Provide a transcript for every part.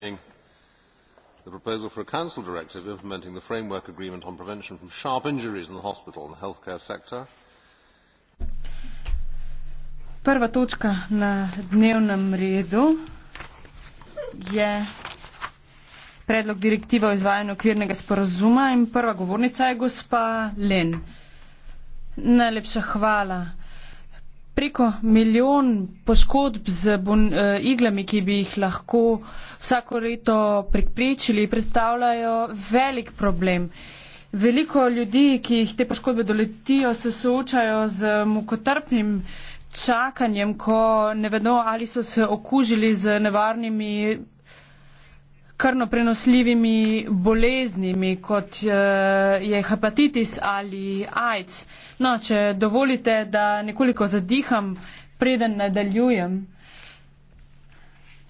tabling the proposal for a council directive implementing the framework agreement on prevention of sharp injuries in the hospital and health care sector. Prva točka na dnevnem redu je predlog direktiva o izvajanju okvirnega sporazuma in prva govornica je gospa Len. Najlepša hvala preko milijon poškodb z bon, eh, iglami, ki bi jih lahko vsako leto preprečili, predstavljajo velik problem. Veliko ljudi, ki jih te poškodbe doletijo, se soočajo z mukotrpnim čakanjem, ko ne vedo, ali so se okužili z nevarnimi krno prenosljivimi boleznimi, kot eh, je hepatitis ali AIDS. No, če dovolite, da nekoliko zadiham, preden nadaljujem.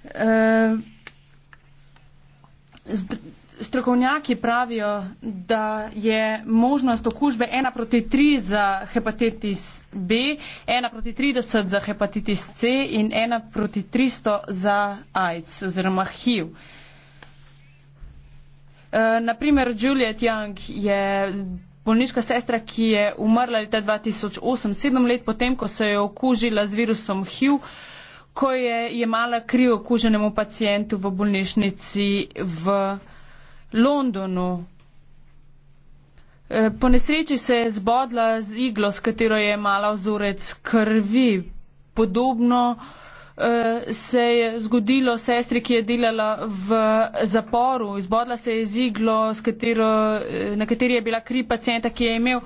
Eh, strokovnjaki pravijo, da je možnost okužbe 1 proti 3 za hepatitis B, 1 proti 30 za hepatitis C in 1 proti 300 za AIDS oziroma HIV. Eh, Naprimer, Juliet Young je bolniška sestra, ki je umrla leta 2008, sedem let potem, ko se je okužila z virusom HIV, ko je jemala kri okuženemu pacijentu v bolnišnici v Londonu. E, po nesreči se je zbodla z iglo, s katero je jemala vzorec krvi. Podobno Eh, se je zgodilo sestri, ki je delala v zaporu. Izbodla se je ziglo, katero, eh, na kateri je bila kri pacijenta, ki je imel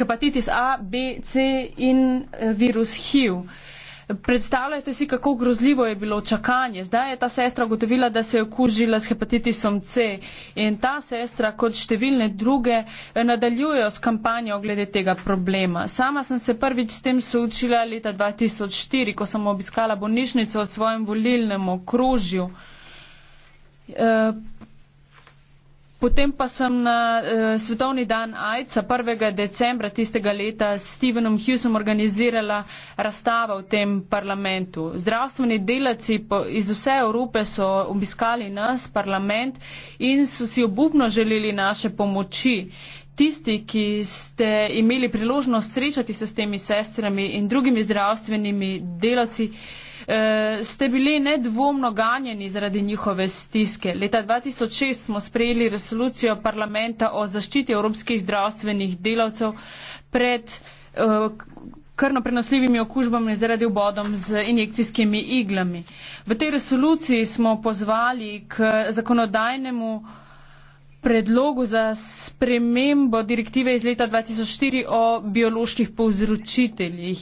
hepatitis A, B, C in eh, virus HIV. Predstavljajte si, kako grozljivo je bilo čakanje. Zdaj je ta sestra ugotovila, da se je okužila s hepatitisom C in ta sestra, kot številne druge, nadaljujejo s kampanjo glede tega problema. Sama sem se prvič s tem soočila leta 2004, ko sem obiskala bolnišnico v svojem volilnem okrožju. Eh, Potem pa sem na uh, svetovni dan AIDS-a 1. decembra tistega leta s Stevenom Hughesom organizirala razstava v tem parlamentu. Zdravstveni delavci iz vse Evrope so obiskali nas, parlament, in so si obupno želeli naše pomoči. Tisti, ki ste imeli priložnost srečati se s temi sestrami in drugimi zdravstvenimi delavci, uh, Eh, ste bili nedvomno ganjeni zaradi njihove stiske. Leta 2006 smo sprejeli resolucijo parlamenta o zaščiti evropskih zdravstvenih delavcev pred eh, krno prenosljivimi okužbami zaradi vbodom z injekcijskimi iglami. V tej resoluciji smo pozvali k zakonodajnemu predlogu za spremembo direktive iz leta 2004 o bioloških povzročiteljih.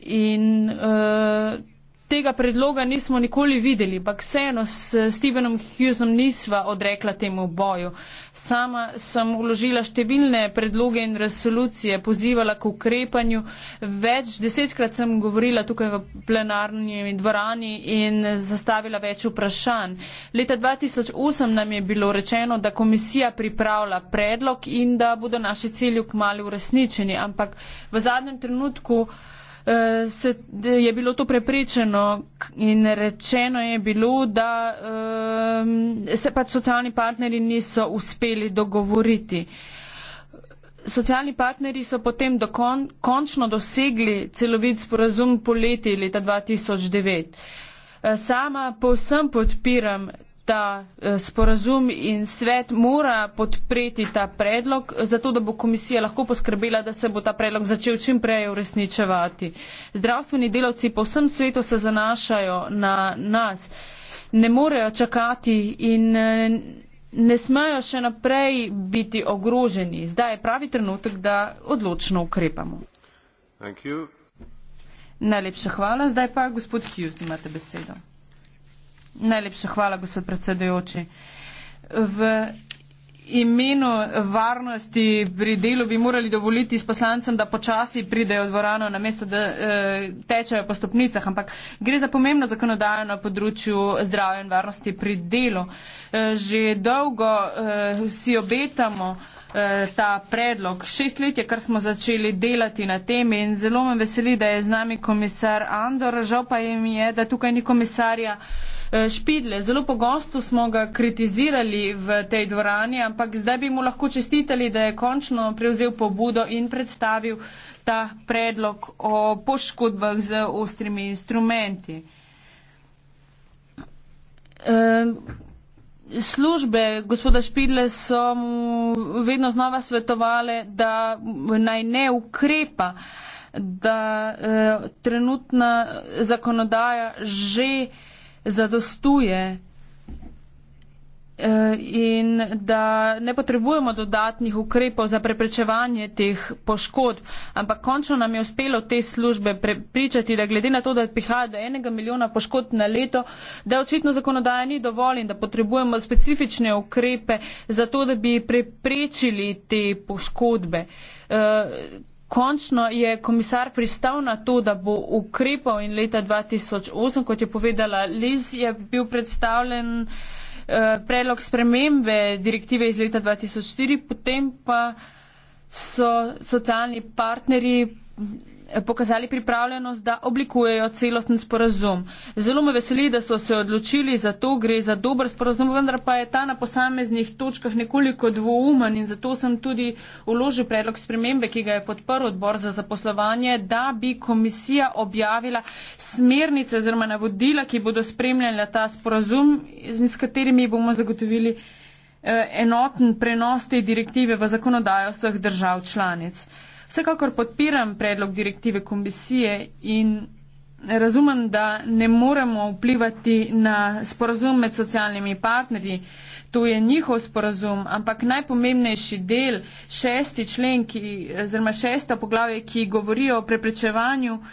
In uh, tega predloga nismo nikoli videli, ampak vseeno s Stevenom Hughesom nisva odrekla temu boju. Sama sem uložila številne predloge in resolucije, pozivala k ukrepanju, več desetkrat sem govorila tukaj v plenarni dvorani in zastavila več vprašanj. Leta 2008 nam je bilo rečeno, da komisija pripravlja predlog in da bodo naši cilji kmali uresničeni, ampak v zadnjem trenutku Eh, se je bilo to preprečeno in rečeno je bilo, da ehm, se pač socialni partneri niso uspeli dogovoriti. Socialni partneri so potem dokon, končno dosegli celovit sporazum poleti leta 2009. Eh, sama povsem podpiram ta eh, sporazum in svet mora podpreti ta predlog, zato da bo komisija lahko poskrbela, da se bo ta predlog začel čim prej uresničevati. Zdravstveni delavci po vsem svetu se zanašajo na nas, ne morejo čakati in eh, ne smejo še naprej biti ogroženi. Zdaj je pravi trenutek, da odločno ukrepamo. Najlepša hvala. Zdaj pa gospod Hughes, imate besedo. Najlepša hvala, gospod predsedujoči. V imenu varnosti pri delu bi morali dovoliti s poslancem, da počasi pridejo v dvorano, namesto da eh, tečejo po stopnicah, ampak gre za pomembno zakonodajo na področju zdravja in varnosti pri delu. Eh, že dolgo eh, si obetamo eh, ta predlog. Šest let je, kar smo začeli delati na tem in zelo me veseli, da je z nami komisar Andor. Žal pa jim je, da tukaj ni komisarja uh, Eh, Špidle, zelo pogosto smo ga kritizirali v tej dvorani, ampak zdaj bi mu lahko čestitali, da je končno prevzel pobudo in predstavil ta predlog o poškodbah z ostrimi instrumenti. Službe gospoda Špidle so mu vedno znova svetovale, da naj ne ukrepa, da eh, trenutna zakonodaja že eh, zadostuje eh, in da ne potrebujemo dodatnih ukrepov za preprečevanje teh poškodb. Ampak končno nam je uspelo te službe prepričati, da glede na to, da prihaja do enega milijona poškodb na leto, da očitno zakonodaja ni dovolj in da potrebujemo specifične ukrepe za to, da bi preprečili te poškodbe. Eh, Končno je komisar pristal na to, da bo ukrepal in leta 2008, kot je povedala Liz, je bil predstavljen eh, predlog spremembe direktive iz leta 2004, potem pa so socialni partneri pokazali pripravljenost, da oblikujejo celosten sporazum. Zelo me veseli, da so se odločili za to, gre za dober sporazum, vendar pa je ta na posameznih točkah nekoliko dvoumen in zato sem tudi uložil predlog spremembe, ki ga je podprl odbor za zaposlovanje, da bi komisija objavila smernice oziroma navodila, ki bodo spremljali ta sporazum, z katerimi bomo zagotovili eh, enoten prenos te direktive v zakonodajo vseh držav članic. Vsekakor podpiram predlog direktive komisije in razumem, da ne moremo vplivati na sporazum med socialnimi partnerji. To je njihov sporazum, ampak najpomembnejši del, šesti člen, ki, oziroma šesta poglavje, ki govori o preprečevanju uh,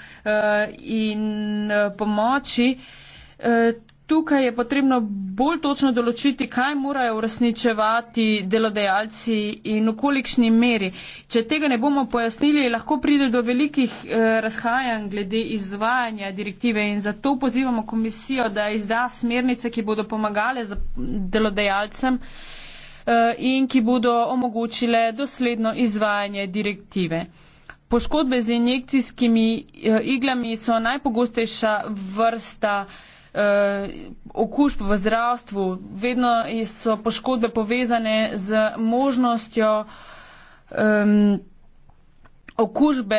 in uh, pomoči, uh, tukaj je potrebno bolj točno določiti, kaj morajo uresničevati delodajalci in v kolikšni meri. Če tega ne bomo pojasnili, lahko pride do velikih eh, razhajanj glede izvajanja direktive in zato pozivamo komisijo, da izda smernice, ki bodo pomagale delodajalcem eh, in ki bodo omogočile dosledno izvajanje direktive. Poškodbe z injekcijskimi eh, iglami so najpogostejša vrsta eh, uh, okužb v zdravstvu, vedno so poškodbe povezane z možnostjo um, okužbe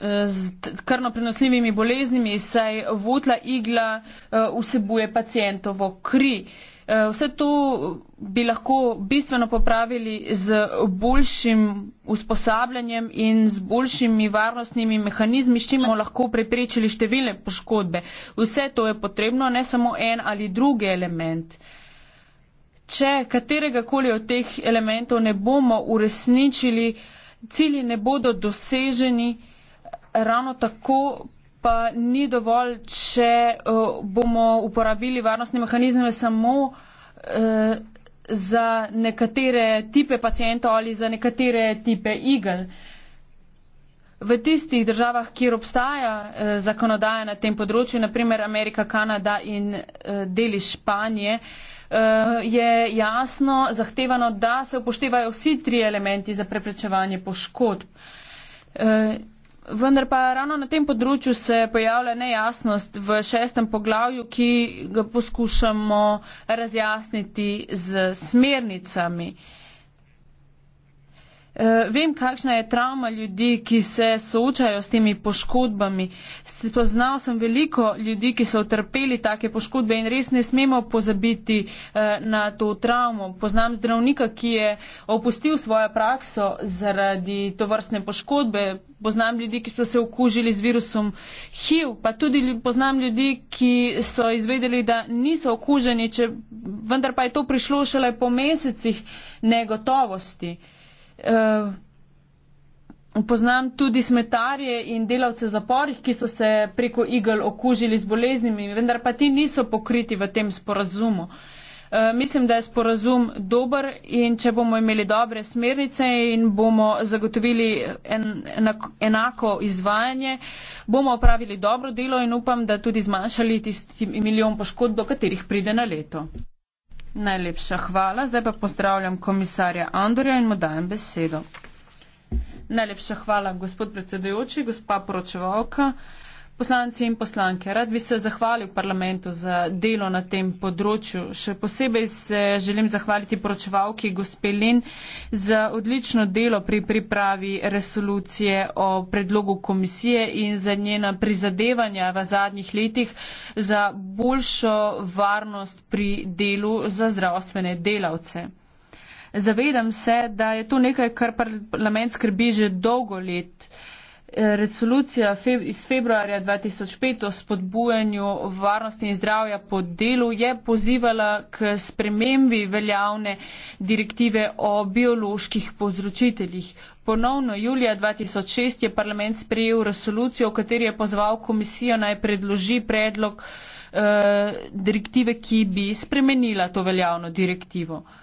eh, z krno prenosljivimi boleznimi, saj votla igla uh, vsebuje pacijentovo kri. Uh, Eh, vse to bi lahko bistveno popravili z boljšim usposabljanjem in z boljšimi varnostnimi mehanizmi, s čim bomo lahko preprečili številne poškodbe. Vse to je potrebno, ne samo en ali drugi element. Če katerega koli od teh elementov ne bomo uresničili, cilji ne bodo doseženi, ravno tako pa ni dovolj, če uh, bomo uporabili varnostne mehanizme samo uh, za nekatere tipe pacijentov ali za nekatere tipe igel. V tistih državah, kjer obstaja uh, zakonodaja na tem področju, naprimer Amerika, Kanada in uh, deli Španije, uh, je jasno zahtevano, da se upoštevajo vsi tri elementi za preprečevanje poškodb. Uh, Vendar pa ravno na tem področju se pojavlja nejasnost v šestem poglavju, ki ga poskušamo razjasniti z smernicami. Uh, Eh, vem, kakšna je travma ljudi, ki se soočajo s temi poškodbami. Poznal sem veliko ljudi, ki so utrpeli take poškodbe in res ne smemo pozabiti eh, na to travmo. Poznam zdravnika, ki je opustil svojo prakso zaradi to vrstne poškodbe. Poznam ljudi, ki so se okužili z virusom HIV, pa tudi poznam ljudi, ki so izvedeli, da niso okuženi, če, vendar pa je to prišlo šele po mesecih negotovosti. Uh, Uh, poznam tudi smetarje in delavce zaporih, ki so se preko igel okužili z boleznimi, vendar pa ti niso pokriti v tem sporazumu. Uh, mislim, da je sporazum dober in če bomo imeli dobre smernice in bomo zagotovili en, enako, enako izvajanje, bomo opravili dobro delo in upam, da tudi zmanjšali tisti milijon poškodb, do katerih pride na leto. Najlepša hvala. Zdaj pa pozdravljam komisarja Andorja in mu dajem besedo. Najlepša hvala, gospod predsedujoči, gospa poročevalka. Poslanci in poslanke, rad bi se zahvalil parlamentu za delo na tem področju. Še posebej se želim zahvaliti poročevalki gospelin za odlično delo pri pripravi resolucije o predlogu komisije in za njena prizadevanja v zadnjih letih za boljšo varnost pri delu za zdravstvene delavce. Zavedam se, da je to nekaj, kar parlament skrbi že dolgo let. Uh, Resolucija feb iz februarja 2005 o spodbujanju varnosti in zdravja po delu je pozivala k spremembi veljavne direktive o bioloških povzročiteljih. Ponovno julija 2006 je parlament sprejel resolucijo, v kateri je pozval komisijo naj predloži predlog eh, direktive, ki bi spremenila to veljavno direktivo. Eh,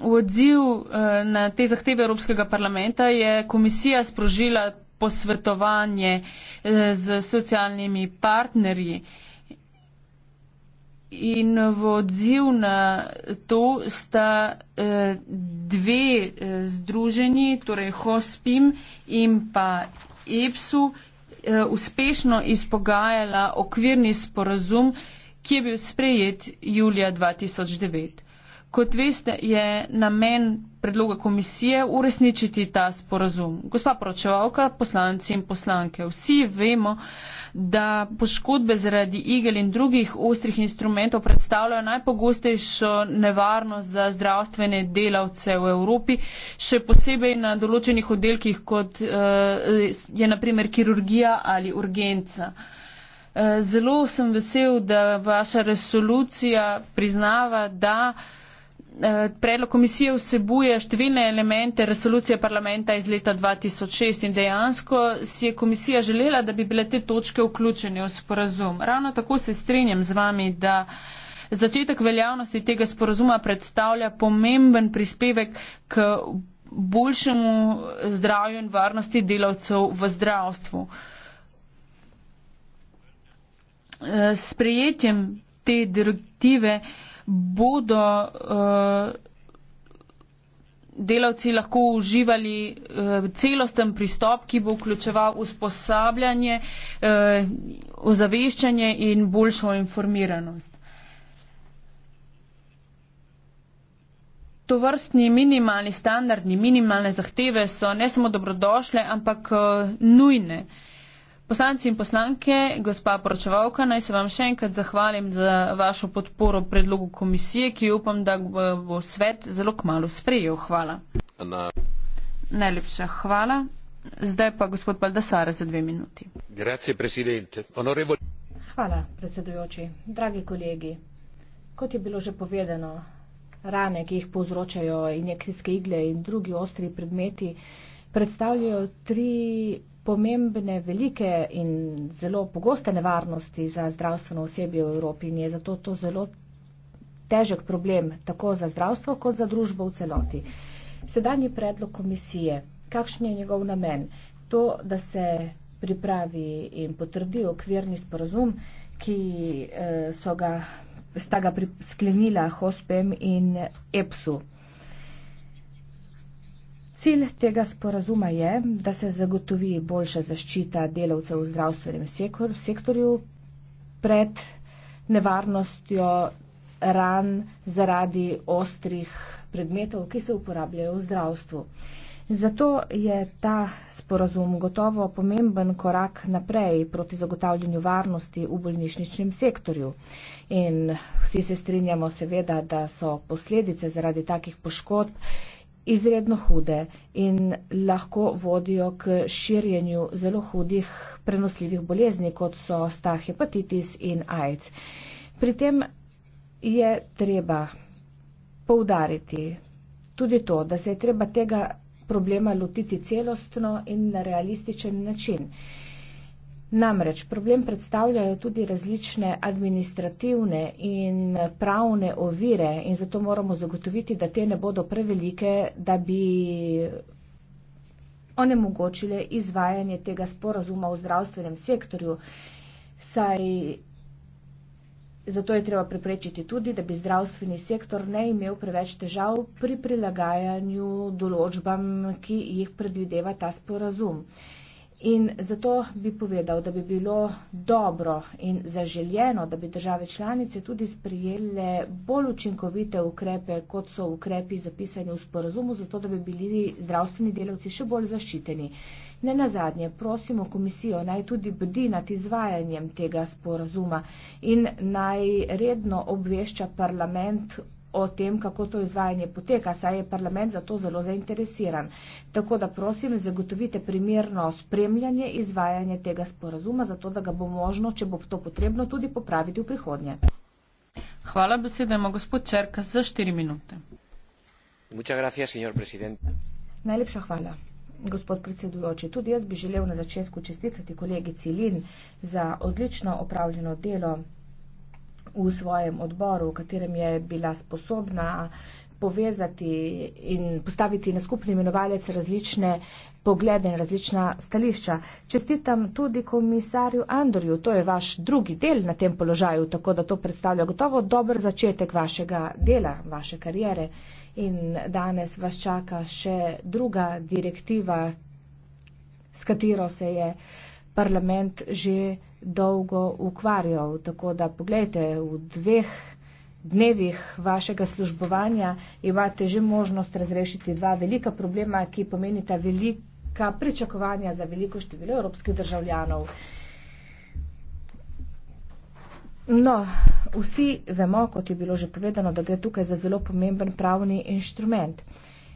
v odziv eh, na te zahteve Evropskega parlamenta je komisija sprožila posvetovanje eh, z socialnimi partnerji. In v odziv na to sta eh, dve združenji, torej HOSPIM in pa EPSU, uspešno izpogajala okvirni sporazum, ki je bil sprejet julija 2009. Kot veste, je namen predloga komisije uresničiti ta sporazum. Gospa poročevalka, poslanci in poslanke, vsi vemo, da poškodbe zaradi igel in drugih ostrih instrumentov predstavljajo najpogostejšo nevarnost za zdravstvene delavce v Evropi, še posebej na določenih oddelkih, kot eh, je naprimer kirurgija ali urgenca. Eh, zelo sem vesel, da vaša resolucija priznava, da Eh, predlog komisije vsebuje številne elemente resolucije parlamenta iz leta 2006 in dejansko si je komisija želela, da bi bile te točke vključene v sporazum. Ravno tako se strinjam z vami, da začetek veljavnosti tega sporazuma predstavlja pomemben prispevek k boljšemu zdravju in varnosti delavcev v zdravstvu. Eh, s prijetjem te direktive bodo uh, delavci lahko uživali uh, celosten pristop, ki bo vključeval usposabljanje, eh, ozaveščanje uh, in boljšo informiranost. Tovrstni minimalni standardni, minimalne zahteve so ne samo dobrodošle, ampak uh, nujne. Uh, Poslanci in poslanke, gospa poročevalka, naj se vam še enkrat zahvalim za vašo podporo predlogu komisije, ki upam, da bo svet zelo kmalo sprejel. Hvala. Na. Najlepša hvala. Zdaj pa gospod Baldasar za dve minuti. Hvala, predsedujoči. Dragi kolegi, kot je bilo že povedano, rane, ki jih povzročajo injekcijske igle in drugi ostri predmeti, predstavljajo tri pomembne, velike in zelo pogoste nevarnosti za zdravstveno osebje v Evropi in je zato to zelo težek problem tako za zdravstvo kot za družbo v celoti. Sedanji predlog komisije, kakšen je njegov namen? To, da se pripravi in potrdi okvirni sporazum, ki eh, so ga, sta ga sklenila HOSPEM in EPSU. Cilj tega sporazuma je, da se zagotovi boljša zaščita delavcev v zdravstvenem sektorju pred nevarnostjo ran zaradi ostrih predmetov, ki se uporabljajo v zdravstvu. Zato je ta sporazum gotovo pomemben korak naprej proti zagotavljanju varnosti v bolnišničnem sektorju. In vsi se strinjamo seveda, da so posledice zaradi takih poškodb izredno hude in lahko vodijo k širjenju zelo hudih prenosljivih bolezni, kot so sta hepatitis in AIDS. Pri tem je treba poudariti tudi to, da se je treba tega problema lotiti celostno in na realističen način. Uh, Namreč problem predstavljajo tudi različne administrativne in pravne ovire in zato moramo zagotoviti, da te ne bodo prevelike, da bi onemogočile izvajanje tega sporazuma v zdravstvenem sektorju, saj zato je treba preprečiti tudi, da bi zdravstveni sektor ne imel preveč težav pri prilagajanju določbam, ki jih predvideva ta sporazum. In zato bi povedal, da bi bilo dobro in zaželjeno, da bi države članice tudi sprijele bolj učinkovite ukrepe, kot so ukrepi zapisani v sporazumu, zato da bi bili zdravstveni delavci še bolj zaščiteni. Ne nazadnje, prosimo komisijo, naj tudi bdi nad izvajanjem tega sporazuma in naj redno obvešča parlament o tem, kako to izvajanje poteka, saj je parlament za to zelo zainteresiran. Tako da prosim, zagotovite primerno spremljanje izvajanja tega sporazuma, zato da ga bo možno, če bo to potrebno, tudi popraviti v prihodnje. Hvala, beseda ima gospod Čerkas za 4 minute. Gracias, Najlepša hvala. Gospod predsedujoči, tudi jaz bi želel na začetku čestitati kolegici Lin za odlično opravljeno delo v svojem odboru, v katerem je bila sposobna povezati in postaviti na skupni imenovalec različne poglede in različna stališča. Čestitam tudi komisarju Andorju, to je vaš drugi del na tem položaju, tako da to predstavlja gotovo dober začetek vašega dela, vaše karijere. In danes vas čaka še druga direktiva, s katero se je parlament že dolgo ukvarjal. Tako da pogledajte, v dveh dnevih vašega službovanja imate že možnost razrešiti dva velika problema, ki pomenita velika pričakovanja za veliko število evropskih državljanov. No, vsi vemo, kot je bilo že povedano, da gre tukaj za zelo pomemben pravni inštrument.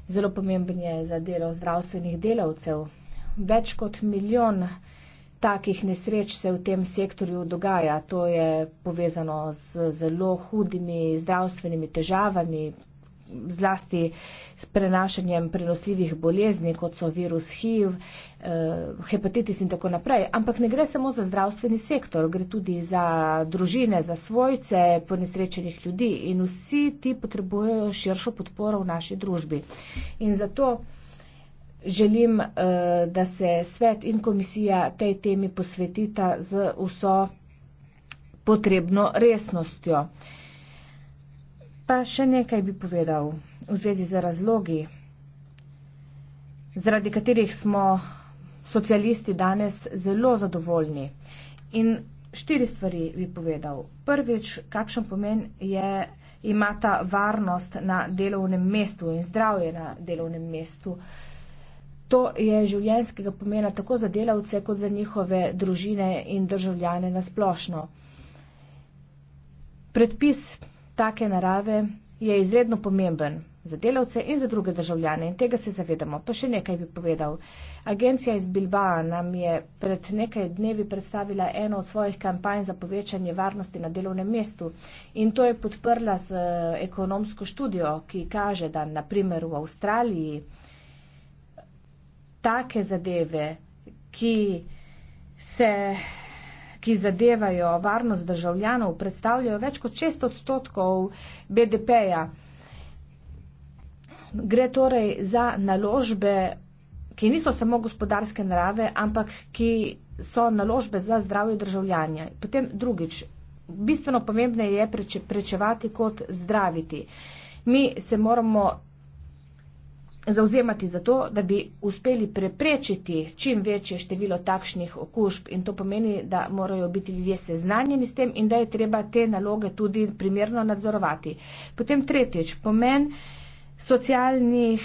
Zelo pomemben je za delo zdravstvenih delavcev. Več kot milijon takih nesreč se v tem sektorju dogaja. To je povezano z zelo hudimi zdravstvenimi težavami, zlasti s prenašanjem prenosljivih bolezni, kot so virus HIV, eh, hepatitis in tako naprej. Ampak ne gre samo za zdravstveni sektor, gre tudi za družine, za svojce ponesrečenih ljudi in vsi ti potrebujejo širšo podporo v naši družbi. In zato Želim, eh, da se svet in komisija tej temi posvetita z vso potrebno resnostjo. Pa še nekaj bi povedal v zvezi z razlogi, zaradi katerih smo socialisti danes zelo zadovoljni. In štiri stvari bi povedal. Prvič, kakšen pomen je, imata varnost na delovnem mestu in zdravje na delovnem mestu. To je življenskega pomena tako za delavce, kot za njihove družine in državljane nasplošno. Predpis take narave je izredno pomemben za delavce in za druge državljane in tega se zavedamo. Pa še nekaj bi povedal. Agencija iz Bilbao nam je pred nekaj dnevi predstavila eno od svojih kampanj za povečanje varnosti na delovnem mestu in to je podprla z eh, ekonomsko študijo, ki kaže, da naprimer v Avstraliji take zadeve, ki se ki zadevajo varnost državljanov, predstavljajo več kot 6 odstotkov BDP-ja. Gre torej za naložbe, ki niso samo gospodarske narave, ampak ki so naložbe za zdravje državljanja. Potem drugič, bistveno pomembne je preče, prečevati kot zdraviti. Mi se moramo zauzemati za to, da bi uspeli preprečiti čim večje število takšnih okužb in to pomeni, da morajo biti ljudje seznanjeni s tem in da je treba te naloge tudi primerno nadzorovati. Potem tretjič, pomen socialnih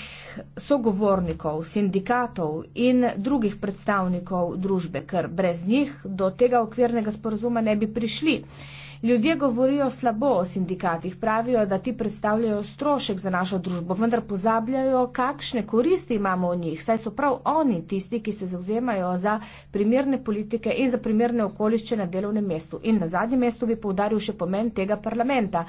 sogovornikov, sindikatov in drugih predstavnikov družbe, ker brez njih do tega okvirnega sporozuma ne bi prišli. Ljudje govorijo slabo o sindikatih, pravijo, da ti predstavljajo strošek za našo družbo, vendar pozabljajo, kakšne koristi imamo v njih, saj so prav oni tisti, ki se zauzemajo za primerne politike in za primerne okoliščine na delovnem mestu. In na zadnjem mestu bi poudaril še pomen tega parlamenta.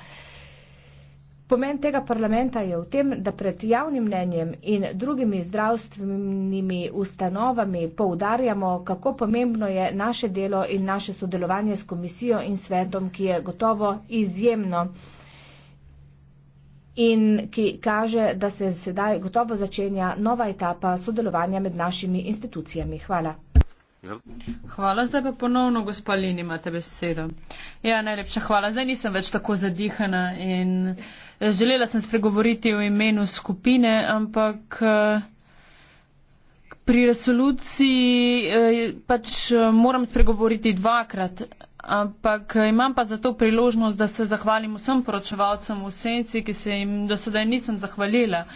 Pomen tega parlamenta je v tem, da pred javnim mnenjem in drugimi zdravstvenimi ustanovami poudarjamo, kako pomembno je naše delo in naše sodelovanje s komisijo in svetom, ki je gotovo izjemno in ki kaže, da se sedaj gotovo začenja nova etapa sodelovanja med našimi institucijami. Hvala. Ja. Hvala, zdaj pa ponovno, gospa Lini, imate besedo. Ja, najlepša hvala. Zdaj nisem več tako zadihana in eh, želela sem spregovoriti o imenu skupine, ampak eh, pri resoluciji eh, pač moram spregovoriti dvakrat. Ampak imam pa zato priložnost, da se zahvalim vsem poročevalcem v senci, ki se jim do sedaj nisem zahvalila.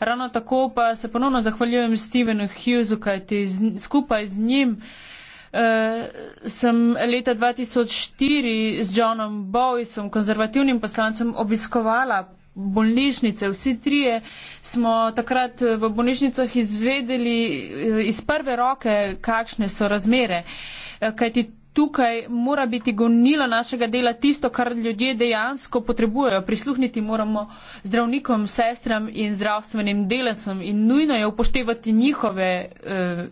Ravno tako pa se ponovno zahvaljujem Stevenu Hughesu, kajti z, skupaj z njim eh, sem leta 2004 z Johnom Bowisom, konzervativnim poslancem, obiskovala bolnišnice. Vsi trije smo takrat eh, v bolnišnicah izvedeli eh, iz prve roke, kakšne so razmere. Eh, kajti tukaj mora biti gonilo našega dela tisto, kar ljudje dejansko potrebujejo. Prisluhniti moramo zdravnikom, sestram in zdravstvenim delencem in nujno je upoštevati njihove uh,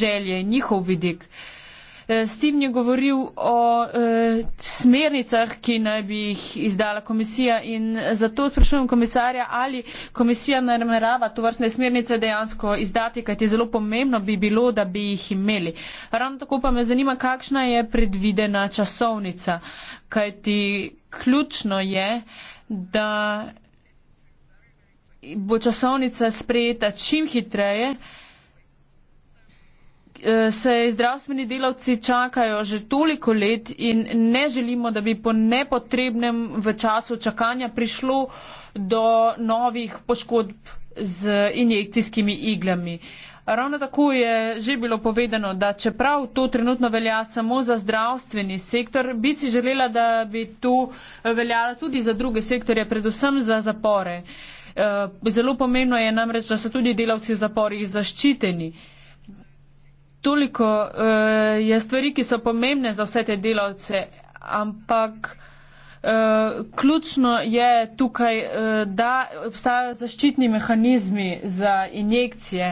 želje, njihov vidik. Uh, Eh, s tem je govoril o eh, smernicah, ki naj bi jih izdala komisija in zato sprašujem komisarja, ali komisija namerava to vrstne smernice dejansko izdati, kajti zelo pomembno bi bilo, da bi jih imeli. Ravno tako pa me zanima, kakšna je predvidena časovnica, kajti ključno je, da bo časovnica sprejeta čim hitreje, Eh, se zdravstveni delavci čakajo že toliko let in ne želimo, da bi po nepotrebnem v času čakanja prišlo do novih poškodb z injekcijskimi iglami. Ravno tako je že bilo povedano, da čeprav to trenutno velja samo za zdravstveni sektor, bi si želela, da bi to eh, veljalo tudi za druge sektorje, predvsem za zapore. Eh, zelo pomembno je namreč, da so tudi delavci v zaporih zaščiteni toliko uh, je stvari, ki so pomembne za vse te delavce, ampak uh, ključno je tukaj, uh, da obstajajo zaščitni mehanizmi za injekcije.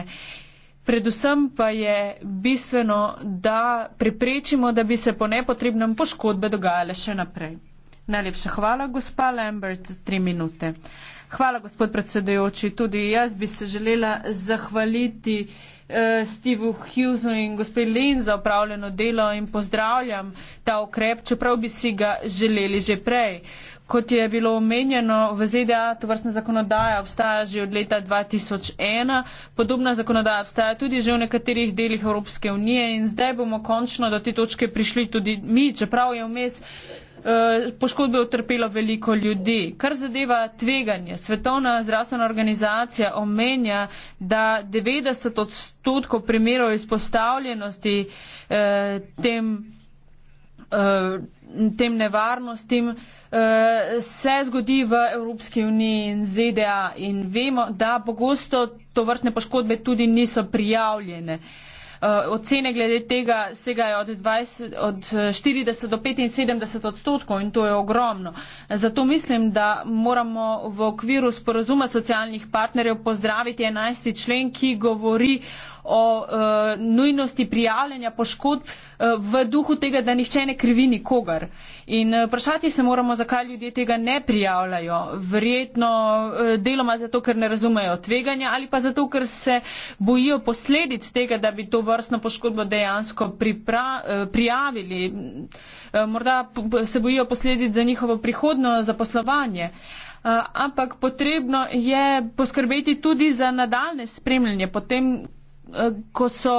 Predvsem pa je bistveno, da preprečimo, da bi se po nepotrebnem poškodbe dogajale še naprej. Najlepša hvala, gospa Lambert, za tri minute. Hvala, gospod predsedujoči. Tudi jaz bi se želela zahvaliti eh, Stevu Hughesu in gospe Lin za upravljeno delo in pozdravljam ta ukrep, čeprav bi si ga želeli že prej. Kot je bilo omenjeno, v ZDA to vrstna zakonodaja obstaja že od leta 2001. Podobna zakonodaja obstaja tudi že v nekaterih delih Evropske unije in zdaj bomo končno do te točke prišli tudi mi, čeprav je vmes Eh, poškodbe utrpelo veliko ljudi. Kar zadeva tveganje, Svetovna zdravstvena organizacija omenja, da 90 odstotkov primerov izpostavljenosti eh, tem, eh, tem nevarnostim se zgodi v Evropski uniji in ZDA in vemo, da pogosto to vrstne poškodbe tudi niso prijavljene. Eh, ocene glede tega segajo od, 20, od 40 eh, do 75 odstotkov in to je ogromno. Zato mislim, da moramo v okviru sporozuma socialnih partnerjev pozdraviti 11. člen, ki govori o uh, nujnosti prijavljanja poškodb uh, v duhu tega, da nihče ne krivi nikogar. In e, vprašati uh, se moramo, zakaj ljudje tega ne prijavljajo. Verjetno uh, deloma zato, ker ne razumejo tveganja ali pa zato, ker se bojijo posledic tega, da bi to vrstno poškodbo dejansko pripra, uh, prijavili. Uh, morda se bojijo posledic za njihovo prihodno zaposlovanje. Uh, ampak potrebno je poskrbeti tudi za nadaljne spremljanje, potem, Eh, ko so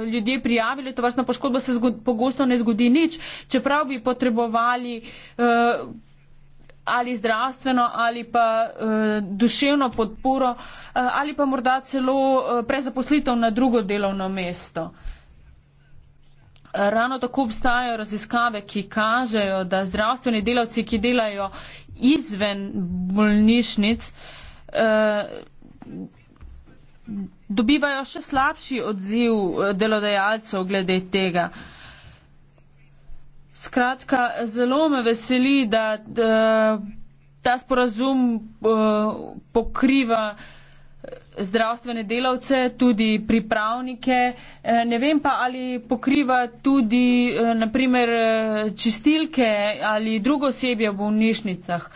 eh, ljudje prijavili, to vrstna poškodba se pogosto ne zgodi nič, čeprav bi potrebovali eh, ali zdravstveno ali pa duševno podporo ali pa morda celo prezaposlitev na drugo delovno mesto. Rano tako obstajajo raziskave, ki kažejo, da zdravstveni delavci, ki delajo izven bolnišnic, dobivajo še slabši odziv eh, delodajalcev glede tega. Skratka, zelo me veseli, da, da ta sporazum eh, pokriva eh, zdravstvene delavce, tudi pripravnike. Ne vem pa, ali pokriva tudi, naprimer, čistilke ali drugo osebje v bolnišnicah.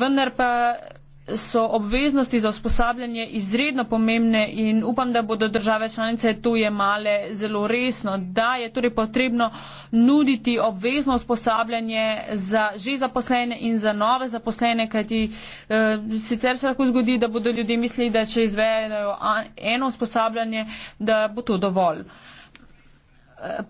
Vendar pa so obveznosti za usposabljanje izredno pomembne in upam, da bodo države članice tu jemale zelo resno, da je torej potrebno nuditi obvezno usposabljanje za že zaposlene in za nove zaposlene, kajti eh, sicer se lahko zgodi, da bodo ljudje mislili, da če izvejo eno usposabljanje, da bo to dovolj. Eh,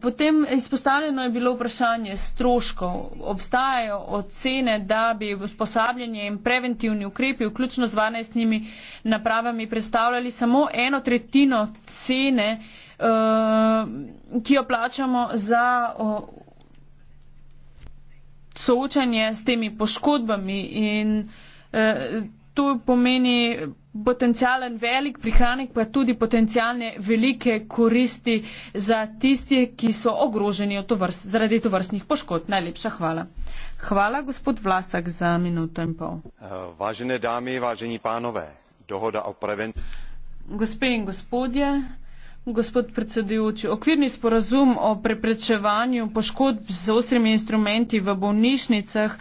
Potem izpostavljeno je bilo vprašanje stroškov. Obstajajo ocene, da bi usposabljanje in preventivni ukrepi, vključno z varnostnimi napravami, predstavljali samo eno tretjino cene, eh, ki jo plačamo za soočanje s temi poškodbami. In eh, to pomeni potencijalen velik prihranek, pa tudi potencijalne velike koristi za tisti, ki so ogroženi to vrst, zaradi tovrstnih poškodb. Najlepša hvala. Hvala, gospod Vlasak, za minuto in pol. Eh, Vážene dámy, vážení pánové, dohoda o preventivi. Gospe in gospodje, gospod predsedujoči, okvirni sporazum o preprečevanju poškodb z ostrimi instrumenti v bolnišnicah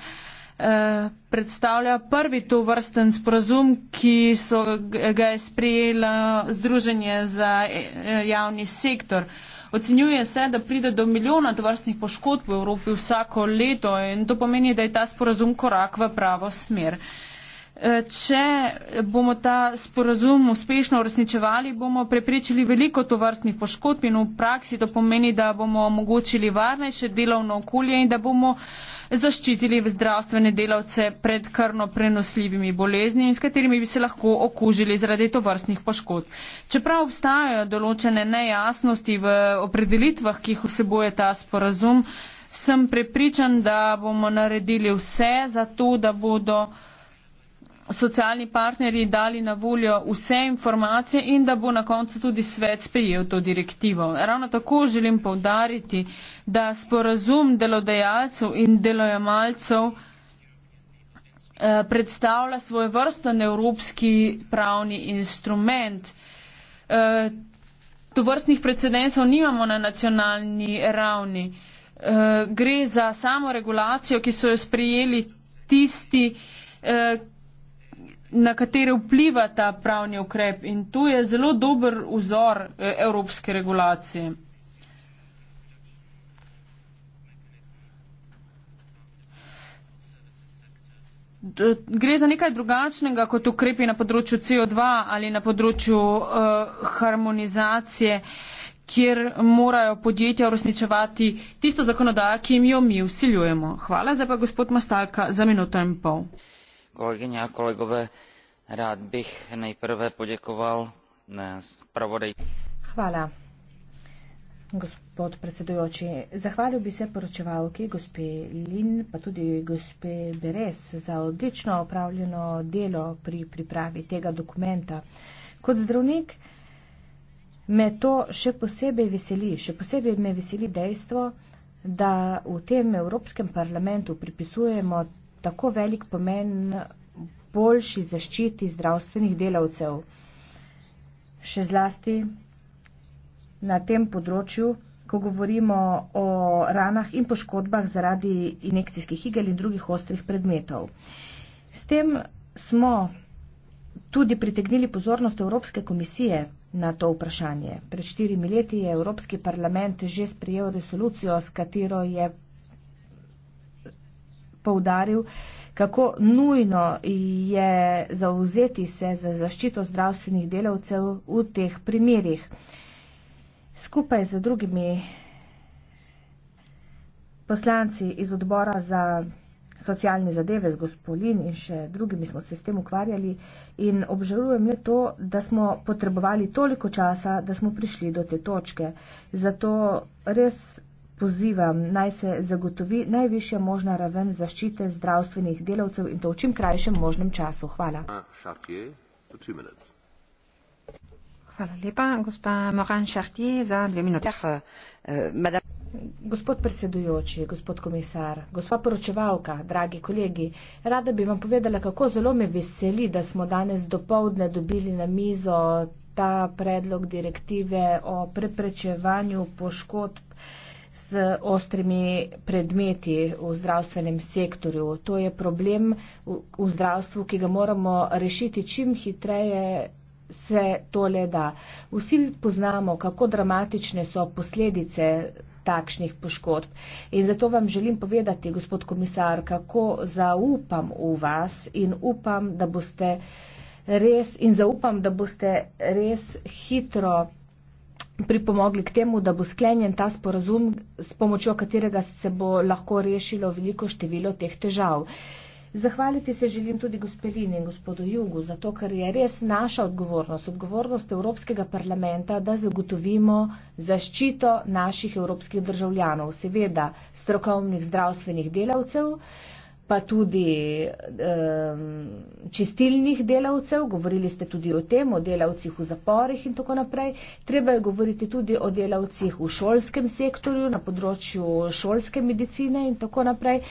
Eh, predstavlja prvi to vrsten sporazum, ki so ga je sprejela Združenje za eh, javni sektor. Ocenjuje se, da pride do milijona tovrstnih poškodb v Evropi vsako leto in to pomeni, da je ta sporazum korak v pravo smer. Uh, Če bomo ta sporazum uspešno uresničevali, bomo preprečili veliko tovrstnih poškodb in v praksi to pomeni, da bomo omogočili varnejše delovno okolje in da bomo zaščitili zdravstvene delavce pred krno prenosljivimi boleznimi, s katerimi bi se lahko okužili zaradi tovrstnih poškodb. Čeprav obstajajo določene nejasnosti v opredelitvah, ki jih vseboje ta sporazum, sem prepričan, da bomo naredili vse za to, da bodo socialni partnerji dali na voljo vse informacije in da bo na koncu tudi svet sprejel to direktivo. Ravno tako želim povdariti, da sporazum delodajalcev in delojemalcev eh, predstavlja svoj vrsten evropski pravni instrument. Eh, to vrstnih precedensov nimamo na nacionalni ravni. Eh, gre za samo regulacijo, ki so jo sprejeli tisti, na katere vpliva ta pravni ukrep in tu je zelo dober vzor e, evropske regulacije. Gre za nekaj drugačnega kot ukrepi na področju CO2 ali na področju uh, harmonizacije, kjer morajo podjetja uresničevati tisto zakonodajo, ki jim jo mi usiljujemo. Hvala zdaj pa gospod Mastalka za minuto in pol kolegyně a kolegové rád bych nejprve poděkoval eh, zpravodajce Hvala, gospod predsedujoči. Zahvalil bi se poročevalki, gospe Lin, pa tudi gospe Beres, za odlično opravljeno delo pri pripravi tega dokumenta. Kot zdravnik me to še posebej veseli. Še posebej me veseli dejstvo, da v tem Evropskem parlamentu pripisujemo tako velik pomen boljši zaščiti zdravstvenih delavcev. Še zlasti na tem področju, ko govorimo o ranah in poškodbah zaradi injekcijskih igel in drugih ostrih predmetov. S tem smo tudi pritegnili pozornost Evropske komisije na to vprašanje. Pred štirimi leti je Evropski parlament že sprejel resolucijo, s katero je poudaril, kako nujno je zauzeti se za zaščito zdravstvenih delavcev v teh primerjih. Skupaj z drugimi poslanci iz odbora za socialne zadeve z gospodin in še drugimi smo se s tem ukvarjali in obžalujem le to, da smo potrebovali toliko časa, da smo prišli do te točke. Zato res pozivam, naj se zagotovi najvišja možna raven zaščite zdravstvenih delavcev in to v čim krajšem možnem času. Hvala. Hvala lepa, gospa Moran Šartier, za dve minuti. Uh, ja, eh, madame... Gospod predsedujoči, gospod komisar, gospa poročevalka, dragi kolegi, rada bi vam povedala, kako zelo me veseli, da smo danes dopoledne dobili na mizo ta predlog direktive o preprečevanju poškodb z ostrimi predmeti v zdravstvenem sektorju. To je problem v, v zdravstvu, ki ga moramo rešiti čim hitreje se tole da. Vsi poznamo, kako dramatične so posledice takšnih poškodb. In zato vam želim povedati, gospod komisar, kako zaupam v vas in upam, da boste res in zaupam, da boste res hitro pripomogli k temu, da bo sklenjen ta sporazum, s pomočjo katerega se bo lahko rešilo veliko število teh težav. Zahvaliti se želim tudi gospodini in gospodu Jugu, zato ker je res naša odgovornost, odgovornost Evropskega parlamenta, da zagotovimo zaščito naših evropskih državljanov, seveda strokovnih zdravstvenih delavcev, pa tudi um, čistilnih delavcev, govorili ste tudi o tem, o delavcih v zaporih in tako naprej. Treba je govoriti tudi o delavcih v šolskem sektorju, na področju šolske medicine in tako naprej.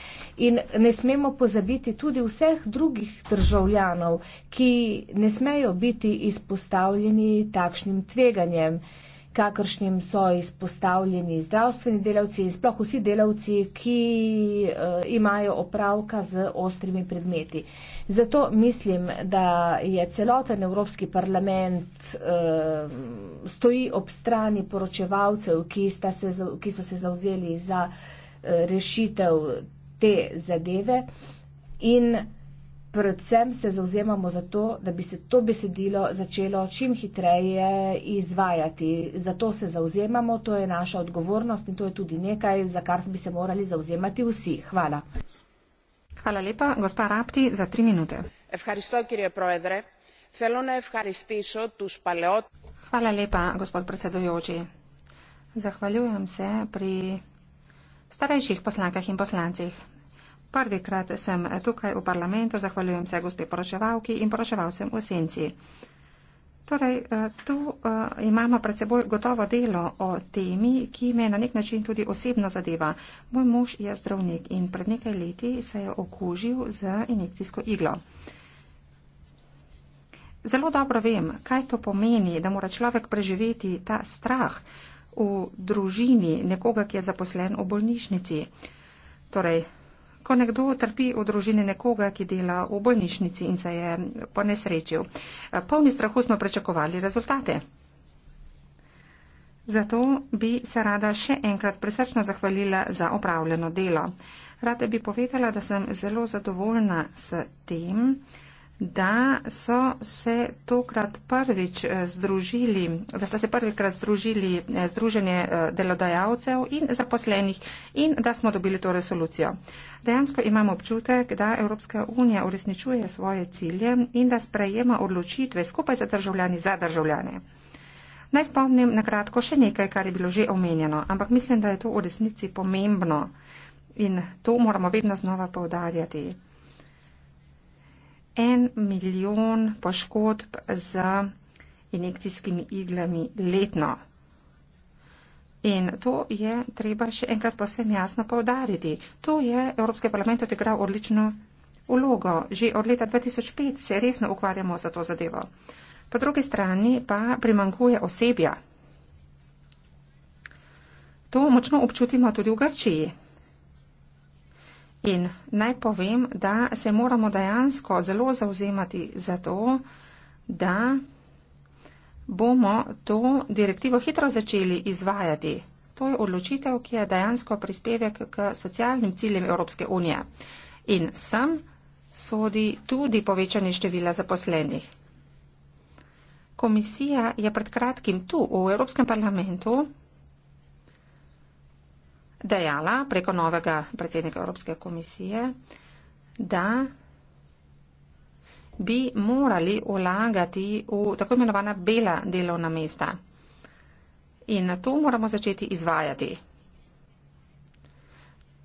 In ne smemo pozabiti tudi vseh drugih državljanov, ki ne smejo biti izpostavljeni takšnim tveganjem kakršnim so izpostavljeni zdravstveni delavci in sploh vsi delavci, ki eh, imajo opravka z ostrimi predmeti. Zato mislim, da je celoten Evropski parlament eh, stoji ob strani poročevalcev, ki, se, ki so se zauzeli za eh, rešitev te zadeve. In predvsem se zauzemamo za to, da bi se to besedilo začelo čim hitreje izvajati. Zato se zauzemamo, to je naša odgovornost in to je tudi nekaj, za kar bi se morali zauzemati vsi. Hvala. Hvala lepa, gospa Rapti, za tri minute. Hvala lepa, gospod predsedujoči. Zahvaljujem se pri starejših poslankah in poslancih. Prvikrat sem tukaj v parlamentu, zahvaljujem se gospe poročevalki in poročevalcem v senci. Torej, eh, tu eh, imamo pred seboj gotovo delo o temi, ki me na nek način tudi osebno zadeva. Moj mož je zdravnik in pred nekaj leti se je okužil z injekcijsko iglo. Zelo dobro vem, kaj to pomeni, da mora človek preživeti ta strah v družini nekoga, ki je zaposlen v bolnišnici. Torej, ko nekdo trpi v družini nekoga, ki dela v bolnišnici in se je ponesrečil. Polni strahu smo prečakovali rezultate. Zato bi se rada še enkrat presrčno zahvalila za opravljeno delo. Rada bi povedala, da sem zelo zadovoljna s tem, da so se tokrat prvič eh, združili, da sta se prvikrat združili eh, Združenje eh, delodajalcev in zaposlenih in da smo dobili to resolucijo. Dejansko imamo občutek, da Evropska unija uresničuje svoje cilje in da sprejema odločitve skupaj za državljani za državljane. Naj spomnim na kratko še nekaj, kar je bilo že omenjeno, ampak mislim, da je to v resnici pomembno in to moramo vedno znova povdarjati en milijon poškodb z injekcijskimi iglami letno. In to je treba še enkrat posem jasno povdariti. To je Evropski parlament odigral odlično ulogo. Že od leta 2005 se resno ukvarjamo za to zadevo. Po drugi strani pa primankuje osebja. To močno občutimo tudi v Grčiji. In naj povem, da se moramo dejansko zelo zauzemati za to, da bomo to direktivo hitro začeli izvajati. To je odločitev, ki je dejansko prispevek k socialnim ciljem Evropske unije. In sem sodi tudi povečanje števila zaposlenih. Komisija je pred kratkim tu v Evropskem parlamentu dejala preko novega predsednika Evropske komisije, da bi morali vlagati v tako imenovana bela delovna mesta. In na to moramo začeti izvajati.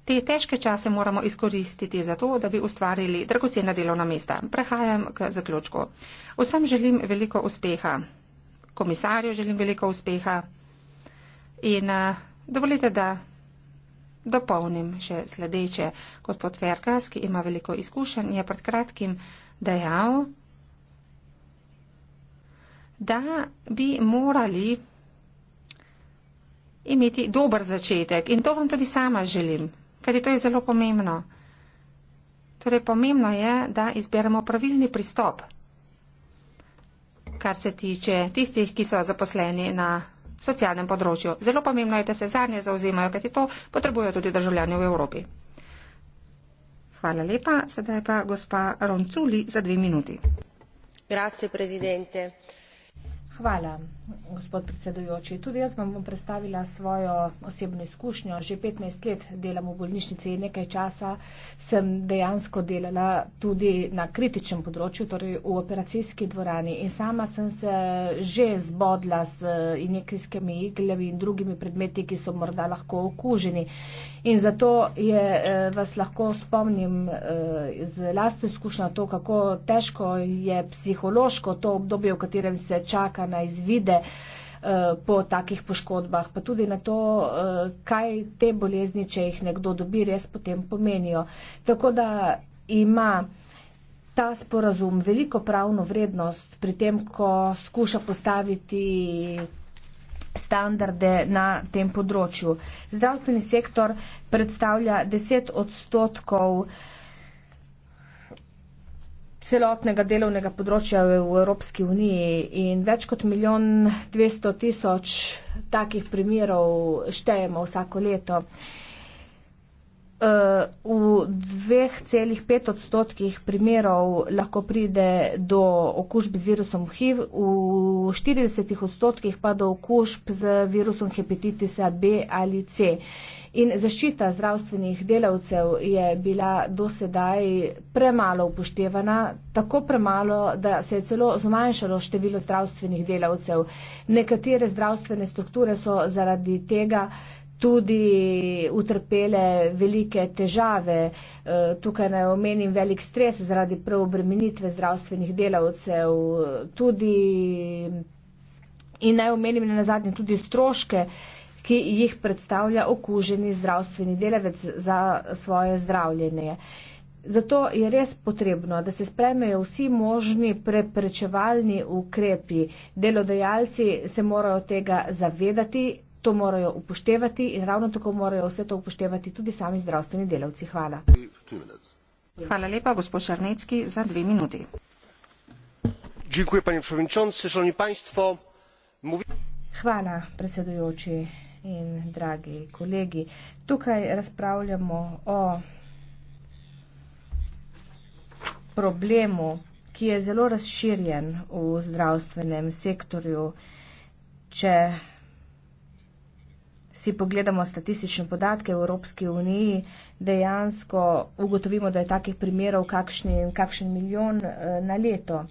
Te težke čase moramo izkoristiti za to, da bi ustvarili dragocena delovna mesta. Prehajam k zaključku. Vsem želim veliko uspeha. Komisarju želim veliko uspeha. In eh, dovolite, da Dopolnim še sledeče. Gospod Verkas, ki ima veliko izkušenj, je pred kratkim dejal, da bi morali imeti dober začetek. In to vam tudi sama želim, kajti to je zelo pomembno. Torej, pomembno je, da izberemo pravilni pristop, kar se tiče tistih, ki so zaposleni na socialnem področju. Zelo pomembno je, da se zadnje zauzemajo, kajti to potrebujejo tudi državljani v Evropi. Hvala lepa. Sedaj pa gospa Ronculi za dve minuti. Grazie, Hvala, gospod predsedujoči. Tudi jaz vam bom predstavila svojo osebno izkušnjo. Že 15 let delam v bolnišnici in nekaj časa sem dejansko delala tudi na kritičnem področju, torej v operacijski dvorani. In sama sem se že zbodla z injekcijskimi igljami in drugimi predmeti, ki so morda lahko okuženi. In zato je, eh, vas lahko spomnim eh, z lastno izkušnjo to, kako težko je psihološko to obdobje, v katerem se čaka na izvide eh, po takih poškodbah, pa tudi na to, eh, kaj te bolezni, če jih nekdo dobi, res potem pomenijo. Tako da ima ta sporazum veliko pravno vrednost pri tem, ko skuša postaviti standarde na tem področju. Zdravstveni sektor predstavlja 10 odstotkov uh, celotnega delovnega področja v Evropski uniji in več kot milijon dvesto tisoč takih primerov štejemo vsako leto. Eh, v dveh celih pet odstotkih primerov lahko pride do okužb z virusom HIV, v 40 odstotkih pa do okužb z virusom hepatitisa B ali C. In zaščita zdravstvenih delavcev je bila do sedaj premalo upoštevana, tako premalo, da se je celo zmanjšalo število zdravstvenih delavcev. Nekatere zdravstvene strukture so zaradi tega tudi utrpele velike težave. Eh, tukaj naj omenim velik stres zaradi preobremenitve zdravstvenih delavcev. Tudi in naj omenim na zadnje tudi stroške, ki jih predstavlja okuženi zdravstveni delavec za svoje zdravljenje. Zato je res potrebno, da se spremejo vsi možni preprečevalni ukrepi. Delodajalci se morajo tega zavedati, to morajo upoštevati in ravno tako morajo vse to upoštevati tudi sami zdravstveni delavci. Hvala. Hvala lepa, gospod Šarnecki, za dve minuti. Hvala, predsedujoči in dragi kolegi. Tukaj razpravljamo o problemu, ki je zelo razširjen v zdravstvenem sektorju. Če si pogledamo statistične podatke v Evropski uniji, dejansko ugotovimo, da je takih primerov kakšen milijon eh, na leto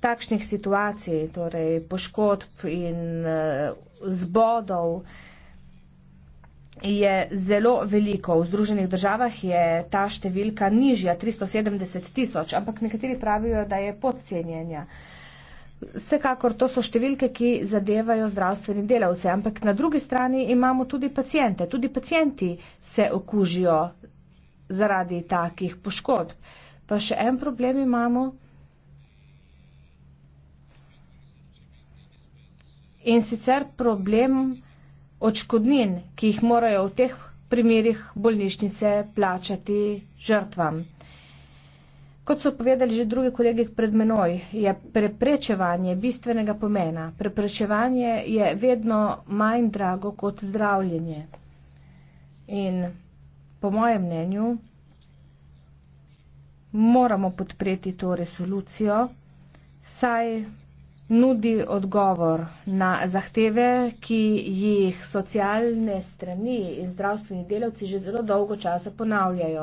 takšnih situacij, torej poškodb in eh, zbodov, je zelo veliko. V Združenih državah je ta številka nižja, 370 tisoč, ampak nekateri pravijo, da je podcenjenja. Vsekakor to so številke, ki zadevajo zdravstveni delavce, ampak na drugi strani imamo tudi pacijente. Tudi pacijenti se okužijo zaradi takih poškodb. Pa še en problem imamo. in sicer problem očkodnin, ki jih morajo v teh primerih bolnišnice plačati žrtvam. Kot so povedali že drugi kolegi pred menoj, je preprečevanje bistvenega pomena. Preprečevanje je vedno manj drago kot zdravljenje. In po mojem mnenju moramo podpreti to resolucijo, saj nudi odgovor na zahteve, ki jih socialne strani in zdravstveni delavci že zelo dolgo časa ponavljajo.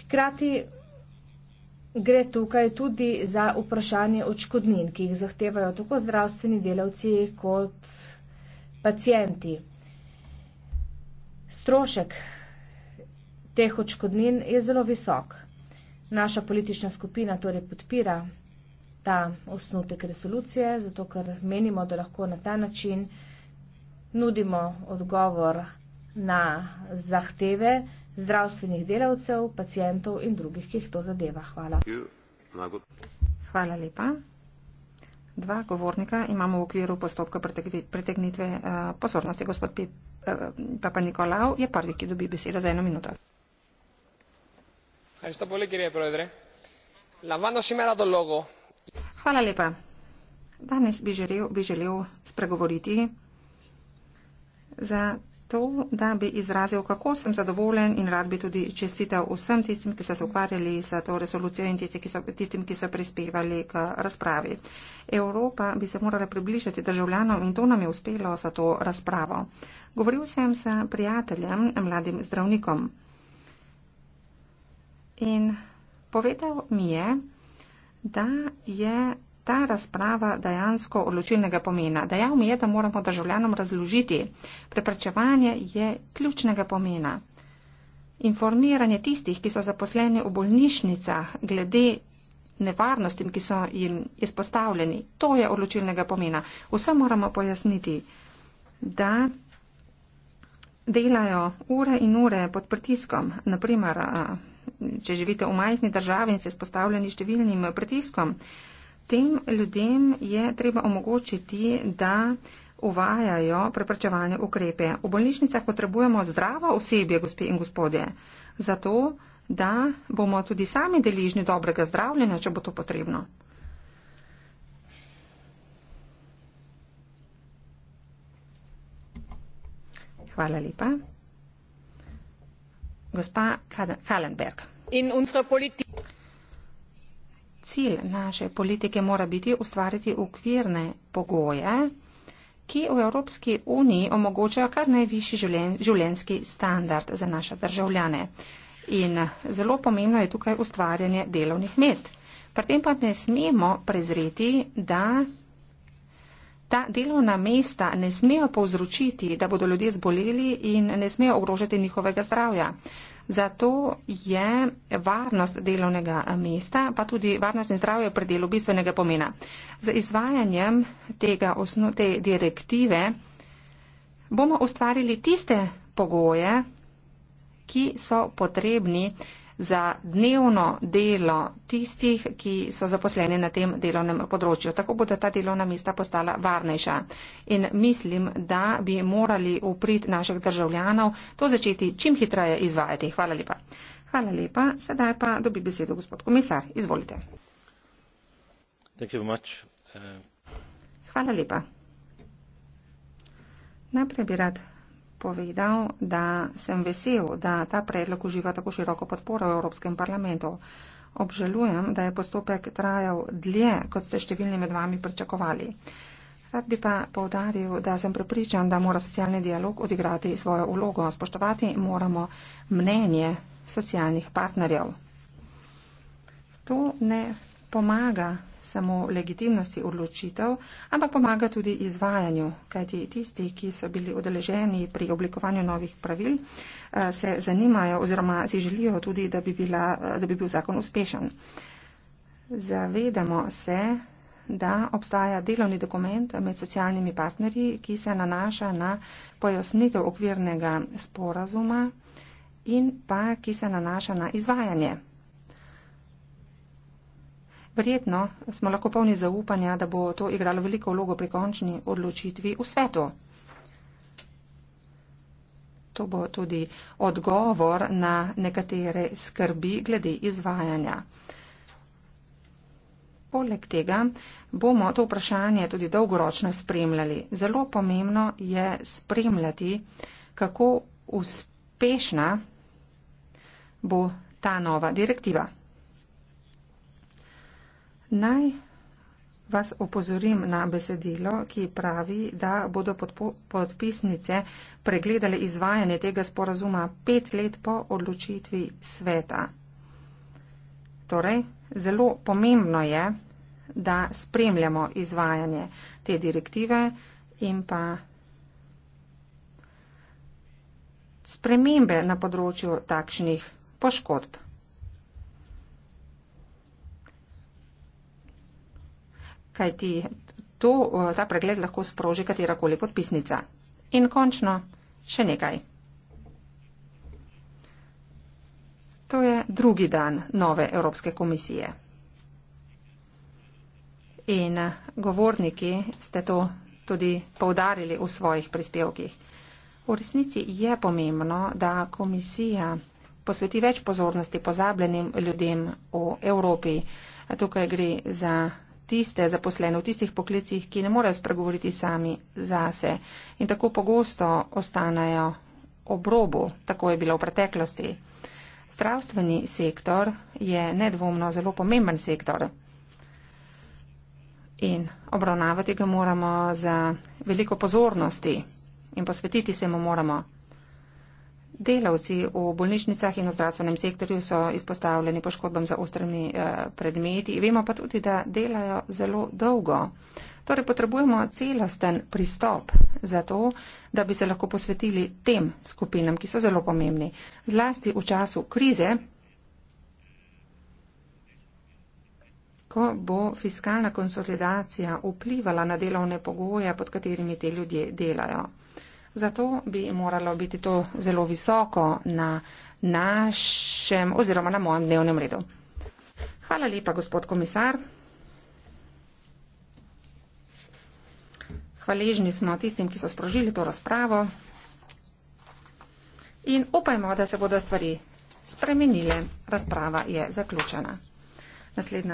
Hkrati gre tukaj tudi za vprašanje očkodnin, ki jih zahtevajo tako zdravstveni delavci kot pacijenti. Strošek teh očkodnin je zelo visok. Naša politična skupina torej podpira ta osnutek resolucije, zato ker menimo, da lahko na ta način nudimo odgovor na zahteve zdravstvenih delavcev, pacijentov in drugih, ki jih to zadeva. Hvala. Hvala lepa. Dva govornika imamo v okviru postopka pretegnitve pozornosti. Gospod Papa Nikolaov je prvi, ki dobi besedo za eno minuto. Hvala lepa, gospod predsednik. Lavando si mera to logo. Hvala lepa. Danes bi želel, bi želel spregovoriti za to, da bi izrazil, kako sem zadovoljen in rad bi tudi čestital vsem tistim, ki so se ukvarjali za to resolucijo in tistim, ki so, tistim, ki so prispevali k razpravi. Evropa bi se morala približati državljanom in to nam je uspelo za to razpravo. Govoril sem s prijateljem, mladim zdravnikom. In povedal mi je, da je ta razprava dejansko odločilnega pomena. Dejal mi je, da moramo državljanom razložiti. Preprečevanje je ključnega pomena. Informiranje tistih, ki so zaposleni v bolnišnicah glede nevarnostim, ki so jim izpostavljeni, to je odločilnega pomena. Vse moramo pojasniti, da delajo ure in ure pod pritiskom, naprimer če živite v majhni državi in ste spostavljeni številnim pritiskom. Tem ljudem je treba omogočiti, da uvajajo preprečevalne ukrepe. V bolnišnicah potrebujemo zdravo osebje, gospe in gospode, zato da bomo tudi sami deližni dobrega zdravljenja, če bo to potrebno. Hvala lepa gospa Fallenberg. Cilj naše politike mora biti ustvariti ukvirne pogoje, ki v Evropski uniji omogočajo kar najvišji življenski standard za naše državljane. In zelo pomembno je tukaj ustvarjanje delovnih mest. Pri tem pa ne smemo prezreti, da ta delovna mesta ne smejo povzročiti, da bodo ljudje zboleli in ne smejo ogrožati njihovega zdravja. Zato je varnost delovnega eh, mesta, pa tudi varnost in zdravje pri delu bistvenega pomena. Z izvajanjem tega osnute direktive bomo ustvarili tiste pogoje, ki so potrebni, za dnevno delo tistih, ki so zaposleni na tem delovnem področju. Tako bodo ta delovna mesta postala varnejša. In mislim, da bi morali uprit naših državljanov to začeti čim hitreje izvajati. Hvala lepa. Hvala lepa. Sedaj pa dobi besedo gospod komisar. Izvolite. Uh, Hvala lepa. Najprej bi rad povedal, da sem vesel, da ta predlog uživa tako široko podporo v Evropskem parlamentu. Obžalujem, da je postopek trajal dlje, kot ste številni med vami pričakovali. Rad bi pa povdaril, da sem prepričan, da mora socialni dialog odigrati svojo vlogo. Spoštovati moramo mnenje socialnih partnerjev. To ne pomaga samo legitimnosti odločitev, ampak pomaga tudi izvajanju, kajti tisti, ki so bili odeleženi pri oblikovanju novih pravil, eh, se zanimajo oziroma si želijo tudi, da bi, bila, eh, da bi bil zakon uspešen. Zavedamo se, da obstaja delovni dokument med socialnimi partnerji, ki se nanaša na pojasnitev okvirnega sporazuma in pa ki se nanaša na izvajanje. Verjetno smo lahko polni zaupanja, da bo to igralo veliko vlogo pri končni odločitvi v svetu. To bo tudi odgovor na nekatere skrbi glede izvajanja. Poleg tega bomo to vprašanje tudi dolgoročno spremljali. Zelo pomembno je spremljati, kako uspešna bo ta nova direktiva. Naj vas opozorim na besedilo, ki pravi, da bodo podpisnice pregledali izvajanje tega sporazuma pet let po odločitvi sveta. Torej, zelo pomembno je, da spremljamo izvajanje te direktive in pa spremembe na področju takšnih poškodb. kajti to, eh, ta pregled lahko sproži katerakoli podpisnica. In končno še nekaj. To je drugi dan nove Evropske komisije. In eh, govorniki ste to tudi povdarili v svojih prispevkih. V resnici je pomembno, da komisija posveti več pozornosti pozabljenim ljudem v Evropi. Tukaj gre za tiste zaposlene v tistih poklicih, ki ne morejo spregovoriti sami zase in tako pogosto ostanejo ob robu, tako je bilo v preteklosti. Zdravstveni sektor je nedvomno zelo pomemben sektor in obravnavati ga moramo za veliko pozornosti in posvetiti se mu moramo. Delavci v bolnišnicah in v zdravstvenem sektorju so izpostavljeni poškodbam za ostrimi eh, predmeti. Vemo pa tudi, da delajo zelo dolgo. Torej potrebujemo celosten pristop za to, da bi se lahko posvetili tem skupinam, ki so zelo pomembni. Zlasti v času krize, ko bo fiskalna konsolidacija vplivala na delovne pogoje, pod katerimi te ljudje delajo zato bi moralo biti to zelo visoko na našem oziroma na mojem dnevnem redu. Hvala lepa, gospod komisar. Hvaležni smo tistim, ki so sprožili to razpravo in upajmo, da se bodo stvari spremenile. Razprava je zaključena. Naslednja